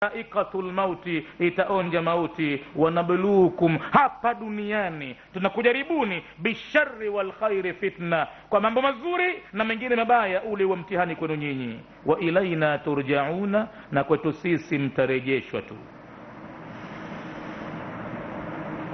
Dhaikatul mauti, itaonja mauti. Wanabluukum, hapa duniani tunakujaribuni. Bisharri wal khairi fitna, kwa mambo mazuri na mengine mabaya, ule wa mtihani kwenu nyinyi. Wa ilaina turjauna, na kwetu sisi mtarejeshwa tu.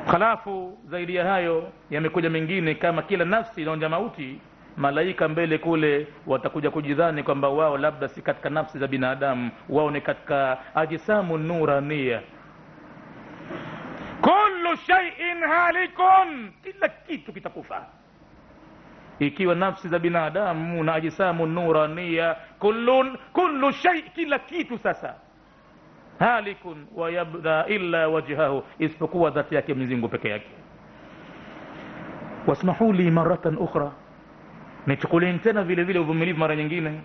Halafu zaidi ya hayo yamekuja mengine kama kila nafsi inaonja mauti malaika mbele kule watakuja kujidhani kwamba wao labda si katika nafsi za binadamu wao ni katika ajisamu nurania kullu shay'in halikun kila kitu kitakufa ikiwa nafsi za binadamu na ajisamu nurania kullun kullu shay kila kitu sasa halikun wayabda illa wajhahu isipokuwa dhati yake mwenyezi Mungu peke yake wasmahuli maratan ukhra nichukulieni tena vile vile uvumilivu mara nyingine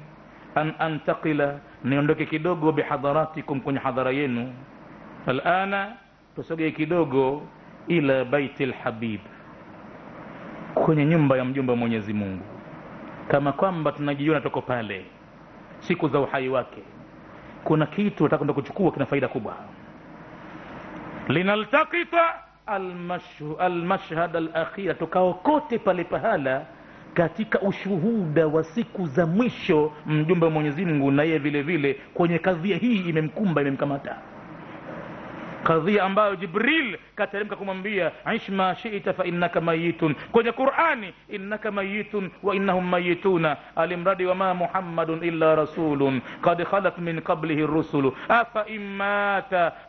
an antaqila niondoke kidogo bihadharatikum kwenye hadhara yenu alana tusogee kidogo ila baiti lhabib kwenye nyumba ya mjumba mwenyezi mungu kama kwamba tunajiona toko pale siku za uhai wake kuna kitu atakenda kuchukua kina faida kubwa linaltakita almashhad alakhira tukaokote pale pahala katika ushuhuda wa siku za mwisho mjumbe wa mwenyezi mungu na yeye vile vile kwenye kadhia hii imemkumba imemkamata kadhia ambayo jibril kateremka kumwambia ish ma shita fa innaka mayitun kwenye qurani innaka mayitun wa innahum mayituna alimradi wa ma muhammadun illa rasulun qad khalat min qablihi ar-rusul afa in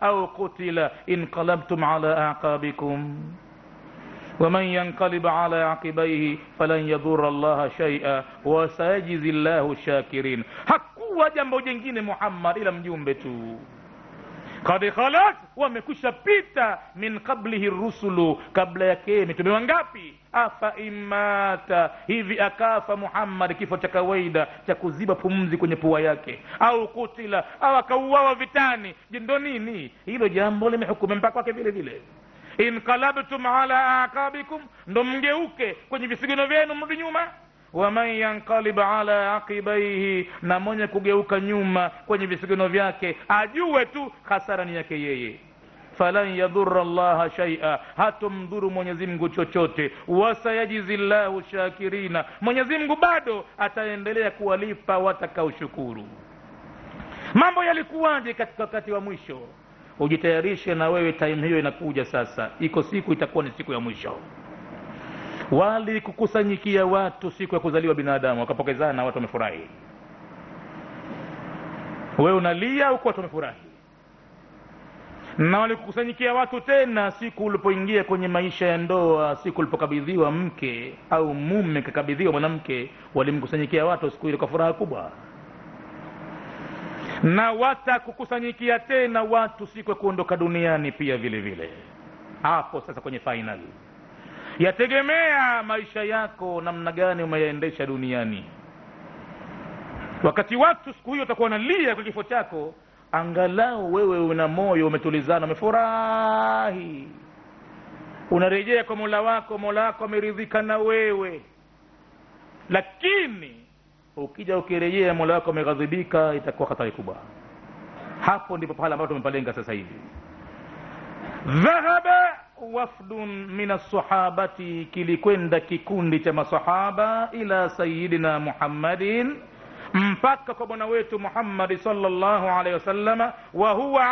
au qutila inqalabtum ala aqabikum ومن ينقلب على عقبيه فلن يضر الله شيئا وسيجزي الله الشاكرين حقوا جنب جنجين محمد إلى مجيوم بتو قد خلت ومكش بيتا من قبله الرسل قبل يكيمت من غابي أفإن مات هذي أكافا محمد كيف تكويدا تكوزيب فمزي كوني بوياك أو قتل أو كواوا فيتاني جندونيني إلو جامبولي محكومين باكوا كفيلة فيلة, فيلة. inqalabtum ala aqabikum ndo mgeuke kwenye visigino vyenu mrudi nyuma waman yanqalib ala aqibaihi na mwenye kugeuka nyuma kwenye visigino vyake ajue tu hasara ni yake yeye falan yadhura llaha shaia hatomdhuru mwenyezi mungu chochote wasayajizi llahu shakirina mwenyezi mungu bado ataendelea kuwalipa watakaoshukuru mambo yalikuwaje katika wakati wa mwisho ujitayarishe na wewe time hiyo inakuja sasa iko siku itakuwa ni siku ya mwisho walikukusanyikia watu siku ya kuzaliwa binadamu wakapokezana watu wamefurahi wewe unalia huku watu wamefurahi na walikukusanyikia watu tena siku ulipoingia kwenye maisha ya ndoa siku ulipokabidhiwa mke au mume kakabidhiwa mwanamke walimkusanyikia watu siku ile kwa furaha kubwa na watakukusanyikia tena watu siku ya kuondoka duniani pia vile vile hapo sasa kwenye fainali yategemea maisha yako namna gani umeyaendesha duniani wakati watu siku hiyo utakuwa nalia kwa kifo chako angalau wewe una moyo umetulizana umefurahi unarejea kwa mola wako mola wako ameridhika na wewe lakini ukija ukirejea mola wako ameghadhibika itakuwa hatari kubwa hapo ndipo pale ambapo tumepalenga sasa hivi dhahaba wafdun min assahabati kilikwenda kikundi cha masahaba ila sayidina muhammadin mpaka kwa bwana wetu muhammadi sallallahu alehi wasallama wa huwa